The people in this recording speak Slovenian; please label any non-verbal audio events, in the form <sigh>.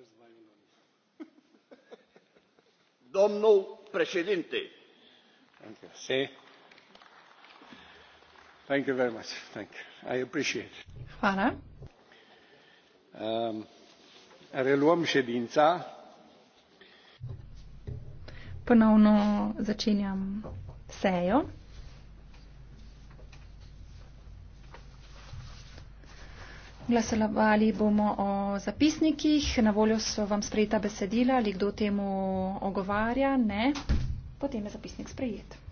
<laughs> domnul președinte thank you see thank you very much thank you. i appreciate Fara. Um, reluăm ședința până unu zăciniam seio glasela valibumo o zapisnikih, na voljo so vam sprejeta besedila ali kdo temu ogovarja, ne, potem je zapisnik sprejet.